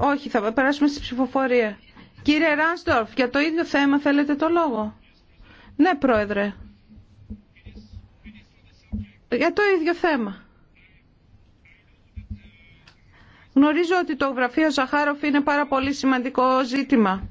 όχι, θα περάσουμε στη ψηφοφορία. Κύριε Ράνστορφ, για το ίδιο θέμα θέλετε το λόγο. Ναι, Πρόεδρε. Για το ίδιο θέμα. Γνωρίζω ότι το γραφείο Ζαχάροφ είναι πάρα πολύ σημαντικό ζήτημα.